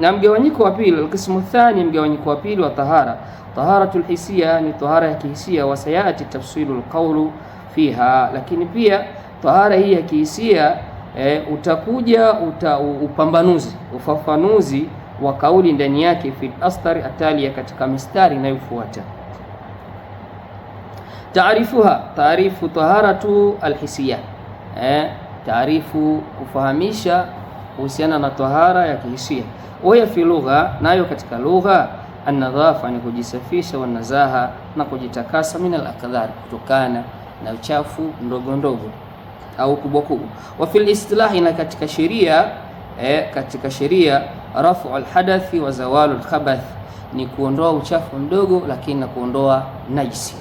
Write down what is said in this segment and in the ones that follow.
Na mgawanyiko wa pili, alqismu thani, mgawanyiko wa pili wa tahara, taharatu lhisia ni tahara ya kihisia, wa sayati tafsilu lqaulu fiha, lakini pia tahara hii ya kihisia e, utakuja uta, upambanuzi ufafanuzi wa kauli ndani yake fi astari atalia, katika mistari inayofuata. Taarifuha, taarifu taharatu alhisia, e, eh, taarifu kufahamisha kuhusiana na tahara ya kihisia. Waya fi lugha, nayo katika lugha, anadhafa ni kujisafisha, wanazaha na kujitakasa, min alakdhari, kutokana na uchafu ndogo ndogo au kubwa kubwa. Wa fil istilahi, na katika sheria eh, katika sheria rafu al-hadathi wa zawalu al-khabath ni kuondoa uchafu mdogo lakini na kuondoa najisi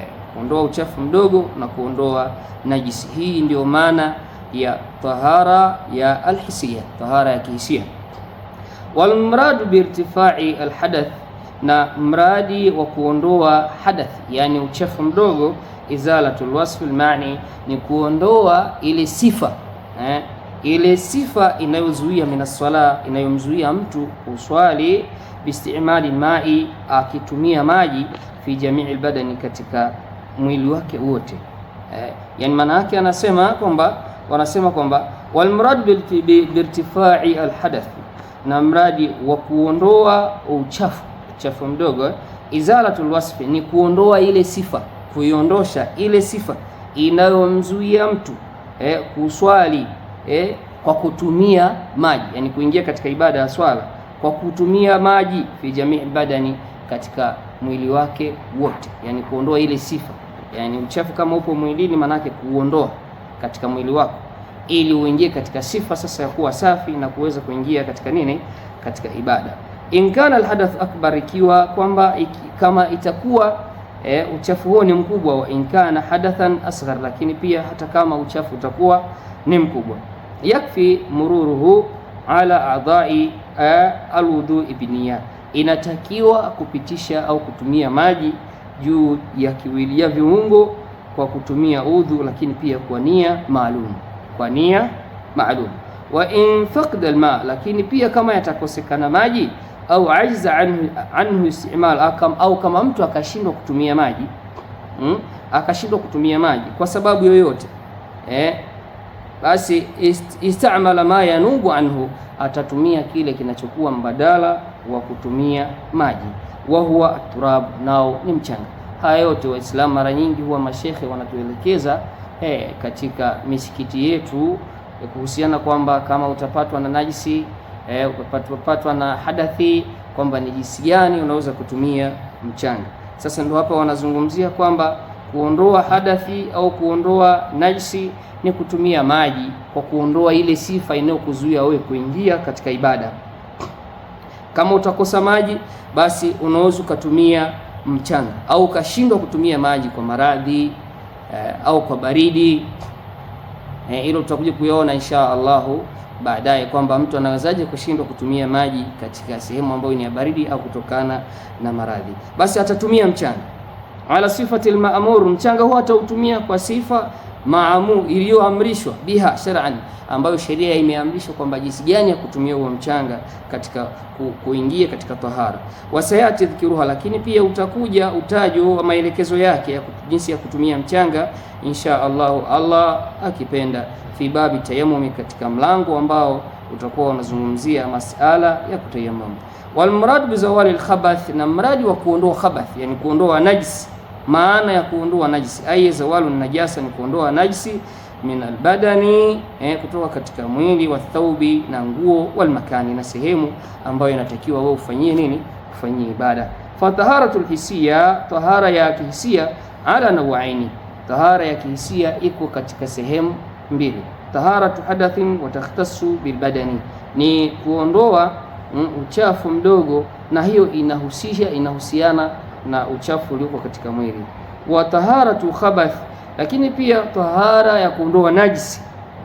eh, kuondoa uchafu mdogo na kuondoa najisi. Hii ndio maana ya tahara ya alhisia, tahara ya kihisia. Walmradu biirtifai alhadath, na mradi wa kuondoa hadath, yani uchafu mdogo. Izalatu lwasfi almani, ni kuondoa ile sifa eh, ile sifa inayozuia minaswala, inayomzuia mtu kuswali biistimali mai, akitumia maji fi jamii albadani, katika mwili wake wote eh, yani maana yake anasema kwamba wanasema kwamba walmurad birtifai alhadath, na mradi wa kuondoa uchafu uchafu mdogo, izalatul wasfi ni kuondoa ile sifa, kuiondosha ile sifa inayomzuia mtu eh, kuswali eh, kwa kutumia maji, yani kuingia katika ibada ya swala kwa kutumia maji, fi jamii badani, katika mwili wake wote, yani kuondoa ile sifa, yani uchafu kama upo mwilini, maanake kuondoa katika mwili wako ili uingie katika sifa sasa ya kuwa safi na kuweza kuingia katika nini, katika ibada. Inkana alhadath akbar, ikiwa kwamba iki, kama itakuwa e, uchafu huo ni mkubwa. Wa inkana hadathan asghar, lakini pia hata kama uchafu utakuwa ni mkubwa. Yakfi mururuhu ala adai eh, alwudhui binia, inatakiwa kupitisha au kutumia maji juu ya kiwili ya viungo kwa kutumia udhu, lakini pia kwa nia maalum, kwa nia maalum. Wa in faqda alma, lakini pia kama yatakosekana maji au ajza anhu, anhu istimal akam, au kama mtu akashindwa kutumia maji hmm? akashindwa kutumia maji kwa sababu yoyote eh, basi istamala ma yanubu anhu, atatumia kile kinachokuwa mbadala wa kutumia maji, wa huwa turab, nao ni mchanga. Haya yote Waislamu mara nyingi huwa mashekhe wanatuelekeza eh, katika misikiti yetu eh, kuhusiana kwamba kama utapatwa na najisi eh, utapatwa na hadathi kwamba ni jinsi gani unaweza kutumia mchanga. Sasa ndio hapa wanazungumzia kwamba kuondoa hadathi au kuondoa najisi ni kutumia maji kwa kuondoa ile sifa inayokuzuia wewe kuingia katika ibada. Kama utakosa maji, basi unaweza ukatumia mchanga au ukashindwa kutumia maji kwa maradhi eh, au kwa baridi eh, hilo eh, tutakuja kuyaona insha Allahu baadaye kwamba mtu anawezaje kushindwa kutumia maji katika sehemu ambayo ni ya baridi au kutokana na maradhi, basi atatumia mchanga ala sifati lmamur, mchanga huo atautumia kwa sifa maamu iliyoamrishwa biha shar'an, ambayo sheria imeamrishwa kwamba jinsi gani ya kutumia huo mchanga katika ku, kuingia katika tahara. Wasayati dhkiruha, lakini pia utakuja utajo wa maelekezo yake ya jinsi ya kutumia mchanga insha Allah, Allah akipenda, fi babi tayamumi, katika mlango ambao utakuwa unazungumzia masala ya kutayamum. Walmuradu bizawali lkhabath, na mradi wa kuondoa khabath, yani kuondoa najisi maana ya kuondoa najisi, ai zawalu najasa ni kuondoa najisi min albadani eh, kutoka katika mwili wa thaubi na nguo, walmakani na sehemu ambayo inatakiwa wewe ufanyie nini, ufanyie ibada. Fa hisia, tahara ya kihisia ala nawaini, tahara ya kihisia iko katika sehemu mbili. Taharatu hadathin wa takhtassu bilbadani, ni kuondoa mm, uchafu mdogo, na hiyo inahusisha inahusiana na uchafu ulioko katika mwili. Wa taharatu khabath, lakini pia tahara ya kuondoa najisi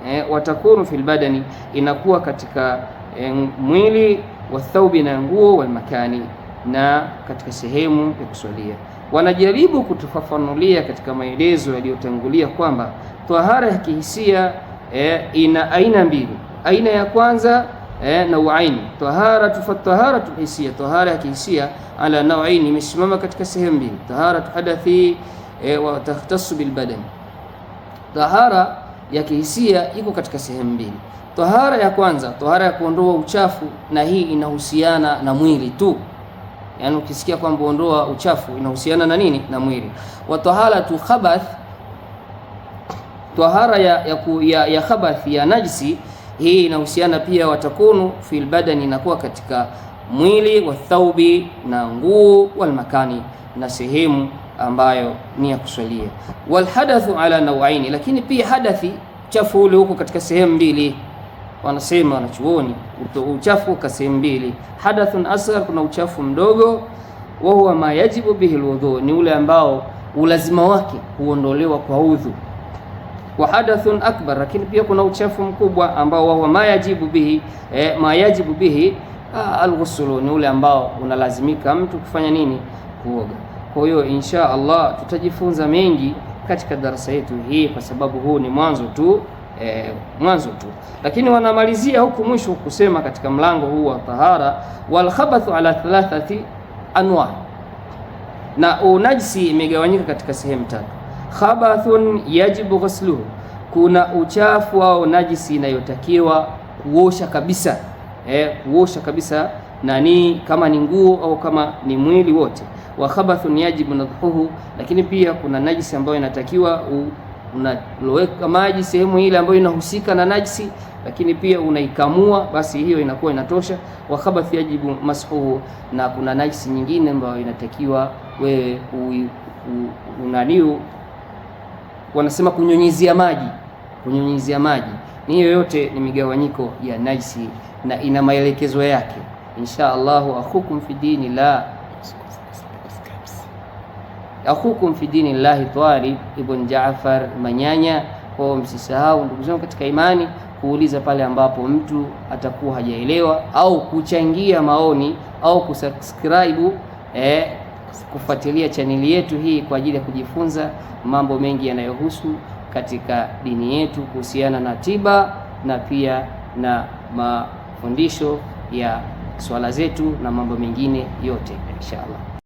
e, eh, watakunu fil badani, inakuwa katika e, mwili wa thaubi na nguo wal makani, na katika sehemu ya kuswalia. Wanajaribu kutufafanulia katika maelezo yaliyotangulia kwamba tahara ya kihisia e, ina aina mbili. Aina ya kwanza eh, na uaini taharatu. Fataharatu hisia, tahara ya kihisia ala nauaini, imesimama katika sehemu mbili, taharatu hadathi eh, wa takhtassu bil badan. Tahara ya kihisia iko katika sehemu mbili. Tahara ya kwanza, tahara ya kuondoa uchafu, na hii inahusiana na mwili tu. Yaani ukisikia kwamba ondoa uchafu inahusiana na nini? Na mwili. Wa taharatu khabath, tahara ya, ya, ya, ya khabath ya najisi hii inahusiana pia watakunu fil badani, inakuwa katika mwili wa thaubi na nguo, walmakani na sehemu ambayo ni ya kuswalia. Walhadathu ala nawaini, lakini pia hadathi uchafu ule huko katika sehemu mbili, wanasema wanachuoni, uchafu ka sehemu mbili, hadathun asghar, kuna uchafu mdogo, wa huwa ma yajibu bihi lwudhu ni ule ambao ulazima wake huondolewa kwa udhu wa hadathun akbar, lakini pia kuna uchafu mkubwa ambao wahuwa mayajibu bihi e, mayajibu bihi ah, alghusulu, ni ule ambao unalazimika mtu kufanya nini? Kuoga. Kwa hiyo insha Allah tutajifunza mengi katika darasa yetu hii, kwa sababu huu ni mwanzo tu E, mwanzo tu, lakini wanamalizia huku mwisho kusema katika mlango huu wa tahara, wal khabathu ala thalathati anwa, na unajisi imegawanyika katika sehemu tatu khabathun yajibu ghusluhu, kuna uchafu au najisi inayotakiwa kuosha kabisa eh, kuosha kabisa nani, kama ni nguo au kama ni mwili wote. Wa khabathun yajibu nadhuhu, lakini pia kuna najisi ambayo inatakiwa unaloweka maji sehemu ile ambayo inahusika na najisi lakini pia unaikamua, basi hiyo inakuwa inatosha. Wa khabath yajibu mashuhu, na kuna najisi nyingine ambayo inatakiwa wewe unaniu wanasema kunyunyizia maji. Kunyunyizia maji ni hiyo, yote ni migawanyiko ya najsi na ina maelekezo yake. Insha Allahu akhukum fi dini la akhukum fi dini llahi Twarib ibn Jaafar Manyanya. Kwa msisahau ndugu zangu katika imani kuuliza pale ambapo mtu atakuwa hajaelewa au kuchangia maoni au kusubscribe eh, kufuatilia chaneli yetu hii kwa ajili ya kujifunza mambo mengi yanayohusu katika dini yetu kuhusiana na tiba na pia na mafundisho ya swala zetu na mambo mengine yote inshallah.